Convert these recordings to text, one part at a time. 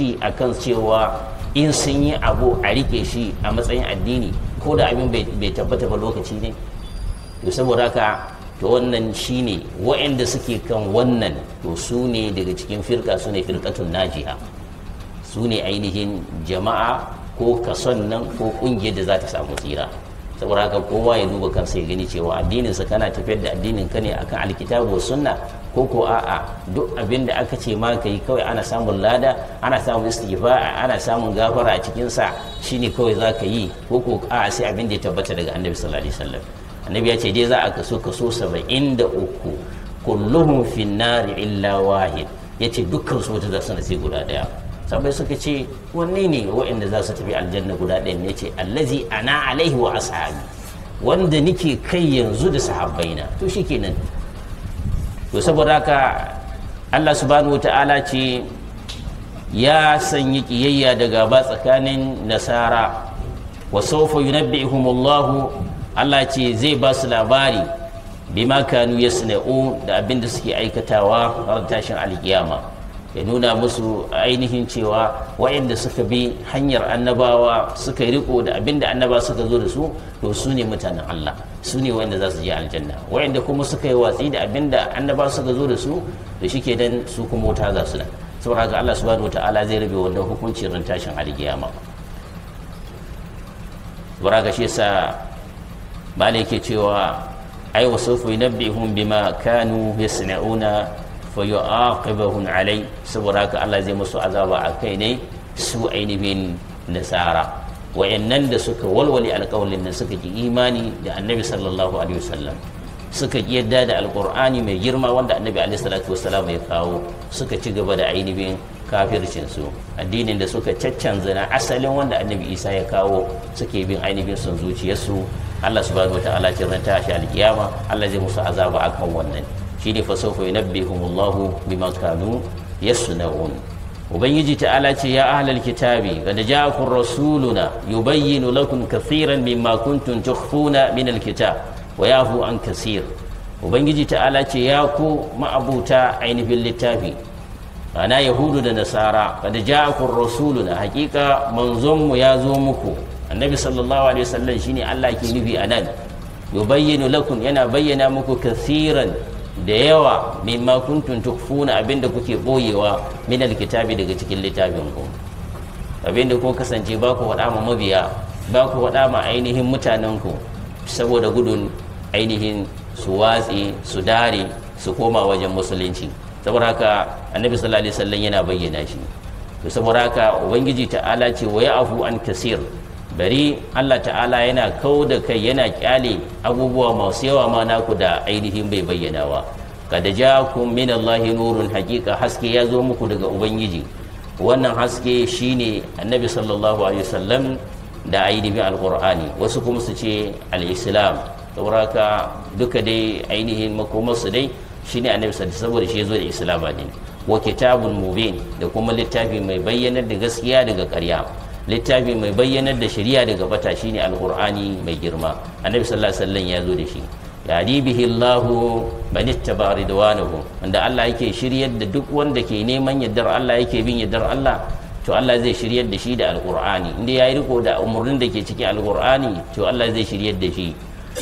a kan cewa in sun yi abu a rike shi a matsayin addini ko da abin bai tabbata ba lokaci ne to saboda haka to wannan shi ne waɗanda suke kan wannan to su ne daga cikin firka su ne firkatun najiya su ne ainihin jama'a ko kason nan ko ƙungiyar da za ta samu tsira saboda haka kowa ya duba kansa ya gani cewa addinin sa kana tafiyar da addinin ka ne akan alkitabu sunna ko ko a'a duk abin da aka ce ma ka yi kawai ana samun lada ana samun istighfar ana samun gafara a cikin sa shine kawai za ka yi ko ko a'a sai abin da ya tabbata daga annabi sallallahu alaihi wasallam annabi ya ce dai za a kaso kaso 73 kulluhum fi nar illa wahid yace dukkan su wata zasu su guda daya sabai suka ce wanne ne waɗanda za su tafi aljanna guda ɗaya ne yace allazi ana alaihi wa ashabi wanda nike kai yanzu da sahabbaina to shikenan to saboda haka allah subhanahu ta'ala ce ya sanyi kiyayya da gaba tsakanin nasara wa sofa yunabbi'uhumullahu allah ce zai ba su labari bima kanu yasna'u da abinda suke aikatawa har tashin alkiyama ya nuna musu ainihin cewa waɗanda suka bi hanyar annabawa suka yi riko da abin da annaba suka zo da su to su ne mutanen Allah su ne waɗanda za su je aljanna waɗanda kuma suka yi watsi da abin da annaba suka zo da su to ke dan su kuma wuta za su da saboda haka Allah subhanahu wataala zai rabe wannan hukuncin ran tashin alkiyama saboda haka shi yasa malai ke cewa ai wasu fi nabbihum bima kanu yasna'una fa alai saboda haka Allah zai musu azaba akai ne su ainihin nasara wayannan da suka walwale alƙawalin nan suka ki imani da annabi sallallahu alaihi wasallam suka yadda da alƙur'ani mai girma wanda annabi alaihi salatu wasallam ya kawo suka ci gaba da ainihin kafircin su addinin da suka caccanza na asalin wanda annabi isa ya kawo suke bin ainihin son zuciyarsu allah subhanahu wataala ce ran tashi alkiyama allah zai musu azaba akan wannan shine fa sawfa yunabbihumullahu bima kanu yasnaun ubangiji ta'ala ce ya ahlal kitabi qad ja'akum rasuluna yubayyinu lakum kathiran mimma kuntum tukhfuna min alkitab wa yafu an kaseer ubangiji ta'ala ce ya ku ma'abuta ainihin littafi ana yahudu da nasara kada ja'akur rasuluna hakika manzonmu ya zo muku annabi sallallahu alaihi wasallam shine Allah ke nufi anan yubayyinu lakum yana bayyana muku kathiran da yawa mimma kuntum tukfuna abinda kuke boyewa min alkitabi daga cikin littafin ku abinda kun kasance ba ku faɗa ma mabiya ba ku faɗa ma ainihin mutanen ku saboda gudun ainihin su watsi su dare su koma wajen musulunci saboda haka annabi sallallahu alaihi wasallam yana bayyana shi saboda haka ubangiji ta'ala ce wa afu an kasir bari Allah ta'ala yana kau da kai yana kyale abubuwa masu yawa ma naku da ainihin bai bayyanawa kada ja min Allahi nurun haqiqa haske ya zo muku daga ubangiji wannan haske shine annabi sallallahu alaihi wasallam da ainihin alqur'ani wasu kuma su ce al-islam duka dai ainihin makomarsu dai shine annabi sallallahu saboda shi ya zo da islama ne wa kitabun mubin da kuma littafi mai bayyana da gaskiya daga ƙarya littafi mai bayyanar da shari'a daga bata shine alqur'ani mai girma annabi sallallahu alaihi wasallam ya zo da shi yadi bihi Allahu man ittaba ridwanahu wanda Allah yake shiryar da duk wanda ke neman yardar Allah yake bin yardar Allah to Allah zai shiryar da shi da alqur'ani inda yayi riko da umurnin da ke cikin alqur'ani to Allah zai shiryar da shi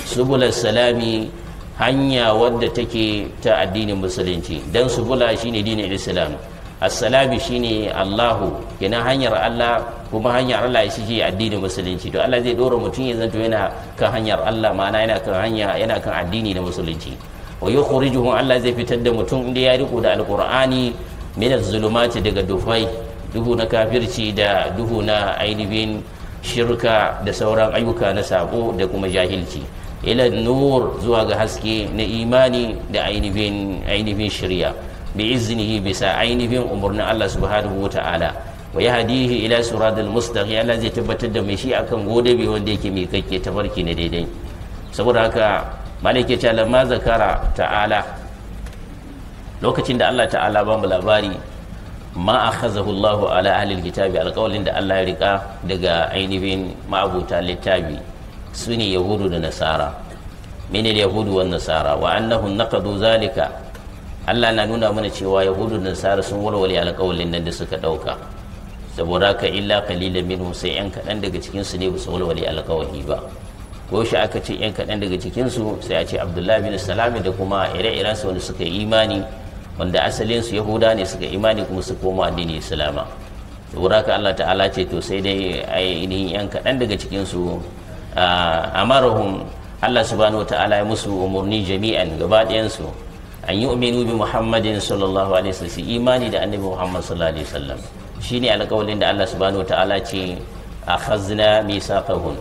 subul salami hanya wadda take ta addinin musulunci dan subula shine dinin islam as-salami shine Allahu kenan hanyar Allah kuma hanyar Allah shi ce addinin musulunci to Allah zai dora mutum ya zanto yana kan hanyar Allah ma'ana yana kan hanya yana kan addini da musulunci wa yukhrijuhu Allah zai fitar da mutum inda ya riko da alqur'ani min zulumati daga dufai duhu na kafirci da duhu na ainihin shirka da sauran ayyuka na sako da kuma jahilci ila nur zuwa ga haske na imani da ainihin ainihin shirya bi iznihi bisa ainihin umarnin Allah subhanahu wa ta'ala wa hadihi ila siratal mustaqim Allah zai tabbatar da mai shi akan godabe wanda yake mai kakke tafarki ne daidai saboda haka malike ce lamma zakara ta'ala lokacin da Allah ta'ala ba mu labari ma akhazahu Allahu ala ahli alkitabi alqawlin da Allah ya rika daga ainihin ma'abuta littafi sune yahudu da nasara menene yahudu wa nasara wa annahum naqadu zalika Allah na nuna mana cewa yahudu da nasara sun walwale alƙawalin nan da suka ɗauka saboda ka illa kalilan minhum sai yan kaɗan daga cikinsu ne ba su walwale alƙawahi ba ko shi aka ce yan kaɗan daga cikinsu sai a ce abdullahi bin salami da kuma ire-iren su wanda suka yi imani wanda asalin su yahuda ne suka imani kuma su koma addini islama saboda ka Allah ta'ala ce to sai dai ainihin yan kaɗan daga cikinsu amarahum Allah subhanahu ta'ala ya musu umarni jami'an gaba ɗayan an yi umenu bi Muhammadin sallallahu alaihi wasallam imani da annabi Muhammad sallallahu alaihi wasallam shine alƙawalin da Allah subhanahu ta'ala ce a akhazna misaqahum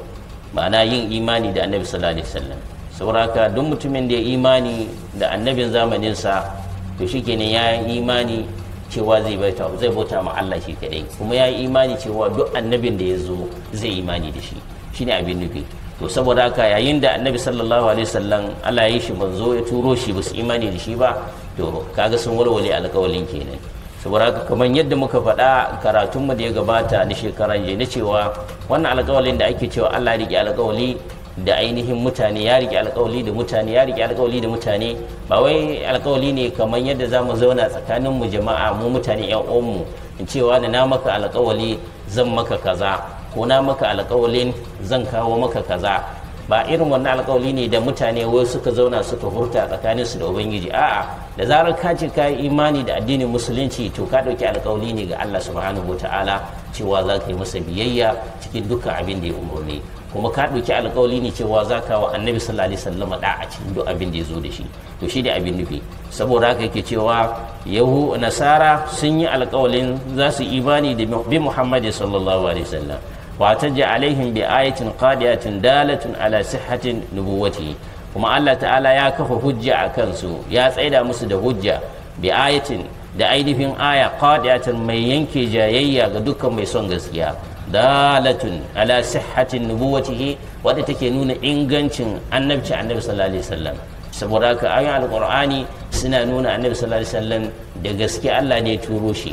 ma'ana yin imani da annabi sallallahu alaihi wasallam sauraka duk mutumin da ya imani da annabin zamanin sa to shikenan ya yi imani cewa zai bauta zai bauta ma Allah shi kadai kuma ya yi imani cewa duk annabin da ya zo zai imani da shi shine abin nufi to saboda haka yayin da annabi sallallahu alaihi wasallam Allah ya yi shi manzo ya turo shi ba imani da shi ba to kaga sun walwale alƙawalin kenan saboda haka kamar yadda muka faɗa karatunmu da ya gabata na shekaran jiya na cewa wannan alƙawalin da ake cewa Allah ya riƙe alƙawali da ainihin mutane ya riƙe alƙawali da mutane ya riƙe alƙawali da mutane ba wai alƙawali ne kamar yadda za mu zauna tsakanin mu jama'a mu mutane yan mu in cewa da na maka alƙawali zan maka kaza ko na maka alƙawalin zan kawo maka kaza ba irin wannan alkawali ne da mutane wai suka zauna suka hurta tsakanin su da ubangiji a'a da zarar ka ce ka yi imani da addinin musulunci to ka dauki alkawali ne ga Allah subhanahu wataala cewa za ka yi masa biyayya cikin dukkan abin da ya umarni kuma ka dauki alkawali ne cewa za ka wa annabi sallallahu alaihi wasallam da a cikin duk abin da ya zo da shi to shi da abin nufi saboda haka yake cewa yahu nasara sun yi alkawalin za su imani da bi muhammadin sallallahu alaihi wasallam wa taji alaihim bi ayatin qadiyatin dalatun ala sihhatin nubuwati kuma Allah ta'ala ya kafa hujja a kansu ya tsaida musu da hujja bi ayatin da ainihin aya qadiyatin mai yanke jayayya ga dukkan mai son gaskiya dalatun ala sihhatin nubuwatihi wadda take nuna ingancin annabci annabi sallallahu alaihi wasallam saboda haka ayoyin alqur'ani suna nuna annabi sallallahu alaihi wasallam da gaske Allah ne turo shi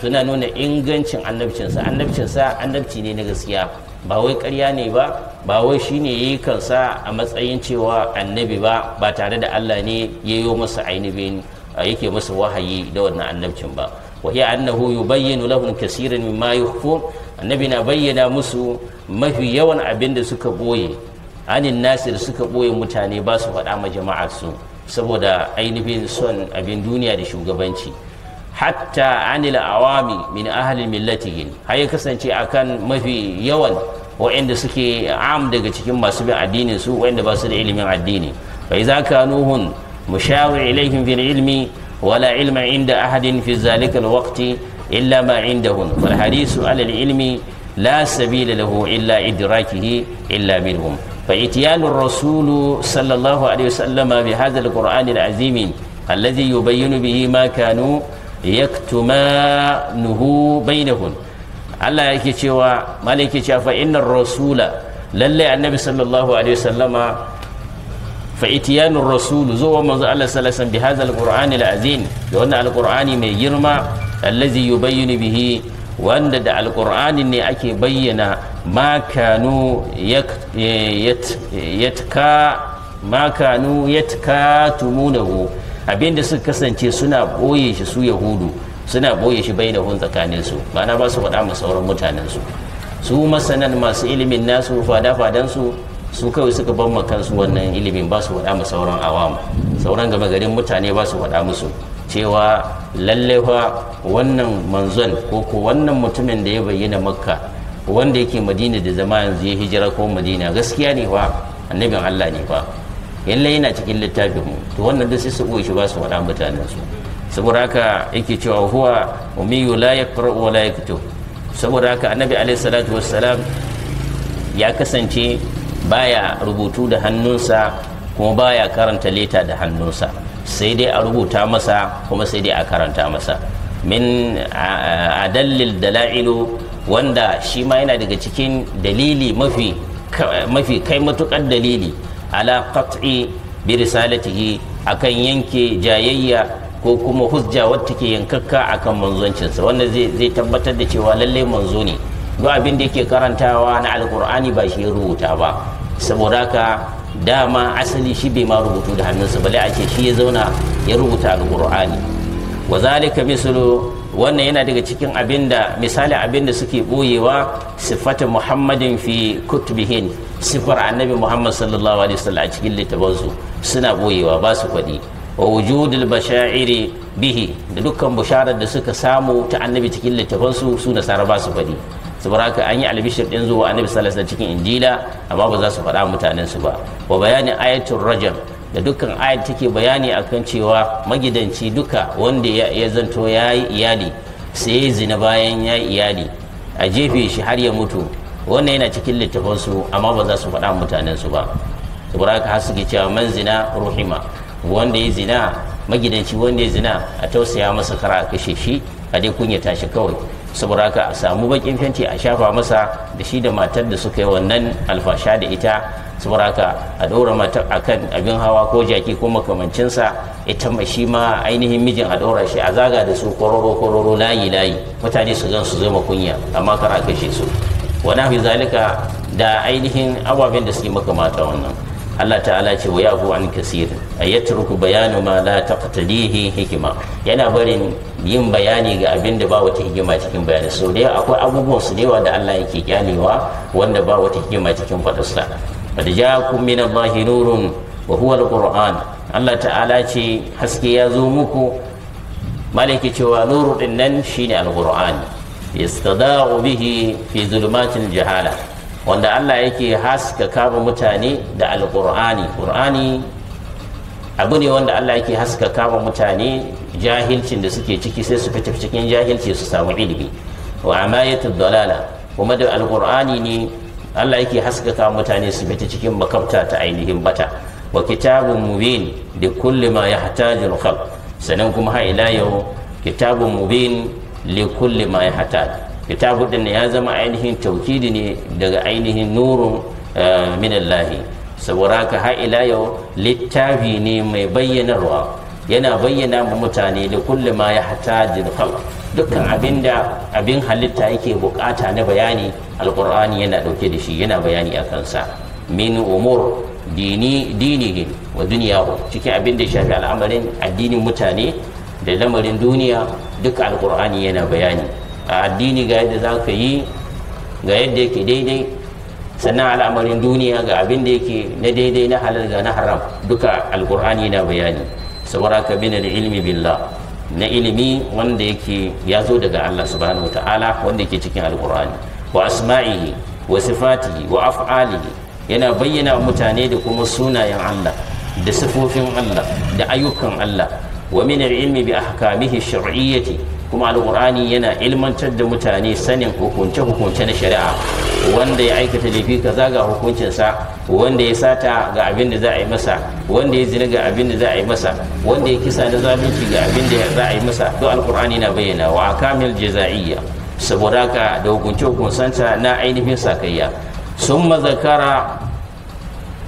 suna nuna ingancin annabcinsa annabcinsa annabci ne na gaskiya ba wai karya ne ba ba wai shi ne ya yi kansa a matsayin cewa annabi ba ba tare da allah ne ya yi masa ainihin yake masa wahayi da wannan annabcin ba wahi hiya annahu yubayyinu lahum kaseeran mimma yukhfun annabi na bayyana musu mafi yawan abin da suka boye anin nasi da suka boye mutane ba su faɗa ma jama'ar su saboda ainihin son abin duniya da shugabanci hatta anil awami min ahalin millatihin har ya kasance akan mafi yawan waɗanda suke am daga cikin masu bin addinin su waɗanda ba su da ilimin addini za idza kanuhun mushawir ilaihin fil ilmi wala ilma inda ahadin fi zalika alwaqti illa ma indahun fal hadisu alal ilmi la sabila lahu illa idrakihi illa minhum فإتيان الرسول صلى الله عليه وسلم بهذا القرآن العظيم الذي يبين به ما كانوا yaktumanuhu bainahun Allah yake cewa malai yake cewa fa innar rasula lalle annabi sallallahu alaihi wasallama fa itiyanur rasul zuwa manzo Allah sallallahu alaihi wasallam bi hadzal qur'anil azim da wannan alqur'ani mai girma allazi yubayyinu bihi wanda da alqur'anin ne ake bayyana ma kanu yatka ma kanu yatka tumunahu abinda suka kasance suna boye shi su yahudu suna boye shi bai da hun tsakanin su ma'ana ba su faɗa ma sauran mutanen su su masanan masu ilimin nasu fada fadan su su kawai suka ban ma kansu wannan ilimin ba su faɗa ma sauran awam sauran gama garin mutane ba su faɗa musu cewa lallai fa wannan manzon ko ko wannan mutumin da ya bayyana makka wanda yake madina da zama yanzu ya hijira ko madina gaskiya ne fa annabin allah ne fa lai yana cikin littafin mu to wannan da sai su boye shi ba su faɗa mutanen su saboda haka yake cewa huwa umiyu la yaqra wa la yaktub saboda haka annabi alaihi salatu wassalam ya kasance baya rubutu da hannunsa kuma baya karanta leta da hannunsa sai dai a rubuta masa kuma sai dai a karanta masa min adallil dala'ilu wanda shi ma yana daga cikin dalili mafi kai matukar dalili ala qat'i bi risalatihi akan yanke jayayya ko kuma hujja wacce ke yankakka akan sa wanda zai tabbatar da cewa lalle manzo ne duk abin da yake karantawa na alkur'ani ba shi ya rubuta ba saboda haka dama asali shi bai ma rubutu da hannunsa bale ake shi ya zauna ya rubuta alkur'ani wa zalika mislu wannan yana daga cikin abinda misali abinda suke boyewa sifatu muhammadin fi kutubihin sifar annabi muhammad sallallahu alaihi wasallam a cikin littafansu suna boyewa ba su faɗi wa wujudul bashairi bihi da dukkan bisharar da suka samu ta annabi cikin littafansu su nasara ba su faɗi saboda haka an yi albishir din zuwa annabi sallallahu alaihi cikin injila amma ba za su faɗa mutanen su ba wa bayanin ayatul rajam da dukkan ayat take bayani akan cewa magidanci duka wanda ya zanto yayi iyali sai zina bayan ya iyali a jefe shi har ya mutu wannan yana cikin littafansu amma ba za su faɗa mutanen su ba saboda haka har suke cewa man zina ruhima wanda ya zina magidanci wanda ya zina a tausaya masa kara a kashe shi a dai kunya tashi kawai saboda haka a samu bakin fenti a shafa masa da shi da matar da suka yi wannan alfasha da ita saboda haka a ɗora matar a kan abin hawa ko jaki ko makamancinsa ita ma shi ma ainihin mijin a ɗora shi a zaga da su kororo kororo layi layi mutane su gan su zama kunya amma kar a kashe su wani hafi zalika da ainihin ababen da suke maka mata wannan Allah ta'ala ce wa yafu an kasir ayatruku bayanu ma la taqtadihi hikima yana barin yin bayani ga abin da ba wata hikima cikin bayani so da akwai abubuwan su dewa da Allah yake kyalewa wanda ba wata hikima cikin fadarsa qad ja'akum min Allahi nurun wa huwa alquran Allah ta'ala ce haske ya zo muku malaki cewa nuru din nan shine al yastada'u bihi fi zulumacin jahala wanda Allah yake haska kama mutane da alqur'ani qur'ani abu ne wanda Allah yake haska kama mutane jahilcin da suke ciki sai su fita cikin jahilci su samu ilimi wa amayatud dalala kuma da alqur'ani ne Allah yake haska kama mutane su fita cikin makabta ta ainihin bata wa kitabun mubin da kulli ma yahtajul khalq sanan kuma ha ila yau kitabun mubin likulli ma ya hata fita hudun ya zama ainihin taukidi ne daga ainihin nurun eh, minallahi saboda ka ha ila yau littafi ne mai bayyanarwa yana bayyana ma mutane likulli ma ya hata khalq dukkan abin da abin halitta yake bukata na bayani alkur'ani yana dauke da shi yana bayani a kansa min umur dini dinihi wa duniyahu cikin abin da shafi al'amarin addinin mutane da lamarin duniya duka alkur'ani yana bayani a addini ga yadda za ka yi ga yadda yake daidai sannan al'amarin duniya ga abin da yake na daidai na halal ga na haram duka alkur'ani yana bayani saboda ka bin ilmi billah na ilimi wanda yake ya zo daga Allah subhanahu ta'ala wanda yake cikin alkur'ani wa asma'ihi wa sifatihi wa af'alihi yana bayyana mutane da kuma sunayen Allah da sifofin Allah da ayyukan Allah wa min al-ilmi bi ahkamihi shar'iyyati kuma alqur'ani yana ilmantar da mutane sanin hukunce hukunce na shari'a wanda ya aikata laifi kaza ga hukuncinsa wanda ya sata ga abin da za a yi masa wanda ya zina ga abin da za a yi masa wanda ya kisa na zalunci ga abin da za a yi masa duk alkur'ani na bayyana wa akamil jazaiyya saboda haka da hukunce hukuncenta na ainihin sakayya sun mazakara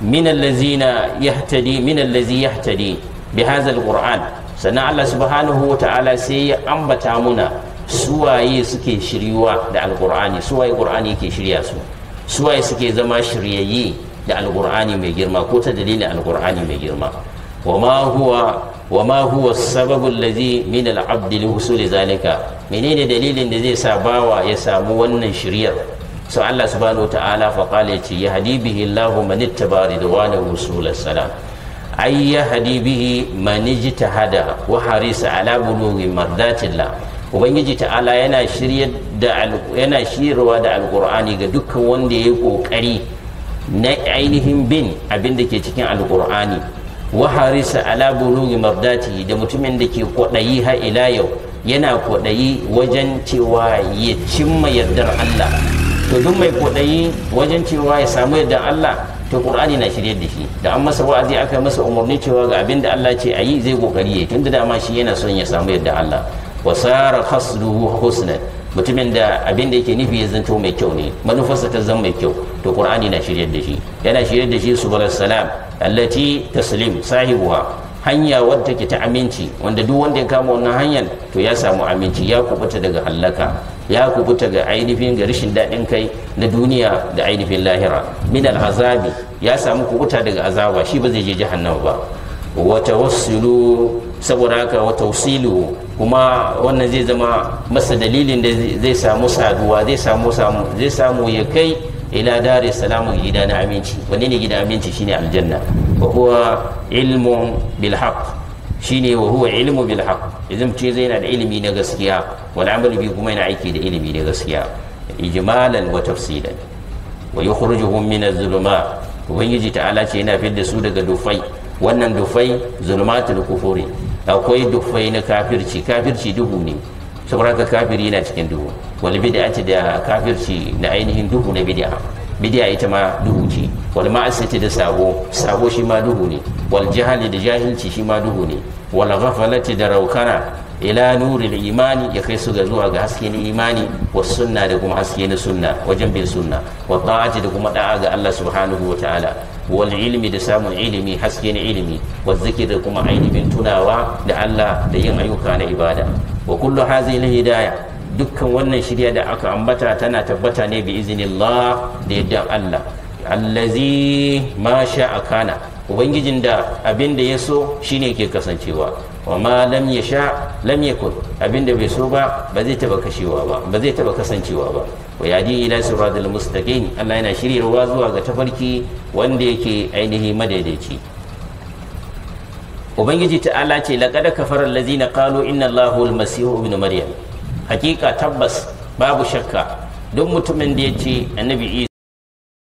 min allazina yahtadi min allazi yahtadi bi hadha alqur'an sannan Allah subhanahu wa ta'ala sai ya ambata muna suwaye suke shiryuwa da alkur'ani suwaye qur'ani yake shirya su suwaye suke zama shiryayye da alkur'ani mai girma ko ta dalilin alkur'ani mai girma wama huwa wama huwa sababu allazi min al-abd li husuli zalika menene dalilin da zai sa bawa ya samu wannan shiryar so Allah subhanahu wa ta'ala fa qala ya hadi bihi Allahu man ittaba ridwanahu sulas salam أي يهدي به من اجتهد وحريص على ala مرضات الله ubangiji ta'ala yana shiryar da yana shirwa da Alqur'ani ga dukkan wanda ya yi kokari na ainihin bin abin da ke cikin Alqur'ani. wa harisa ala bulugi mardati da mutumin da ke kwaɗayi ha ila yau yana kwaɗayi wajen cewa ya cimma yardar Allah to duk mai kwaɗayi wajen cewa ya samu yardar Allah to qur'ani na shirye da shi da an masa wa'azi aka masa umarni cewa ga abin da Allah ce ayi zai kokari yayi tunda dama shi yana son ya samu yadda Allah wa sara qasduhu husna mutumin da abin da yake nufi ya zanto mai kyau ne manufarsa ta zama mai kyau to qur'ani na shirye da shi yana shirye da shi subhana salam allati taslim sahibuha hanya wadda take ta aminci wanda duk wanda ya kama wannan hanyar to ya samu aminci ya kubuta daga hallaka ya kubuta ga ainihin ga rashin daɗin kai na duniya da ainihin lahira min al'azabi ya samu kubuta daga azaba shi ba zai je jahannama ba wata wasilu saboda haka kuma wannan zai zama masa dalilin da zai samu saduwa zai samu samu zai samu ya kai ila dare salamu gida na aminci wanne ne gida aminci shine aljanna wa kuwa ilmun bil haqq shine wa huwa ilmu bil haqq idan ce zai yana da ilimi na gaskiya wal amal bi kuma yana aiki da ilimi na gaskiya ijmalan wa tafsilan wa yukhrijuhum min az-zulumat ubangiji ta'ala ce yana fidda su daga dufai wannan dufai zulumatul kufuri akwai dufai na kafirci kafirci duhu ne saboda kafiri yana cikin duhu wal bid'a da kafirci na ainihin duhu na bid'a bidiya ita ma duhu ce wal ma'asati da sabo sabo shi ma duhu ne wal jahali da jahilci shi ma duhu ne wal ghafalati da raukana ila nuril imani ya kai su ga zuwa ga haske imani wa sunna da kuma haske na sunna wajen bin sunna wa ta'ati da kuma da'a ga Allah subhanahu wa ta'ala wal ilmi da samun ilimi haske na ilimi wa zikir da kuma ainihin tunawa da Allah da yin ayyuka na ibada wa kullu hazihi hidaya dukkan wannan shirya da aka ambata tana tabbata ne bi izinillah da yadda Allah allazi ma a kana ubangijin da abin da ya so shine ke kasancewa wa ma lam ya sha lam kun abin da bai so ba ba zai taba kashewa ba ba zai taba kasancewa ba wa yadi ila siratal mustaqim Allah yana shiryarwa zuwa ga tafarki wanda yake ainihi madaidaici ubangiji ta'ala ce laqad kafara allazina qalu inna allahu al-masih ibn maryam hakika tabbas babu shakka duk mutumin da ya ce annabi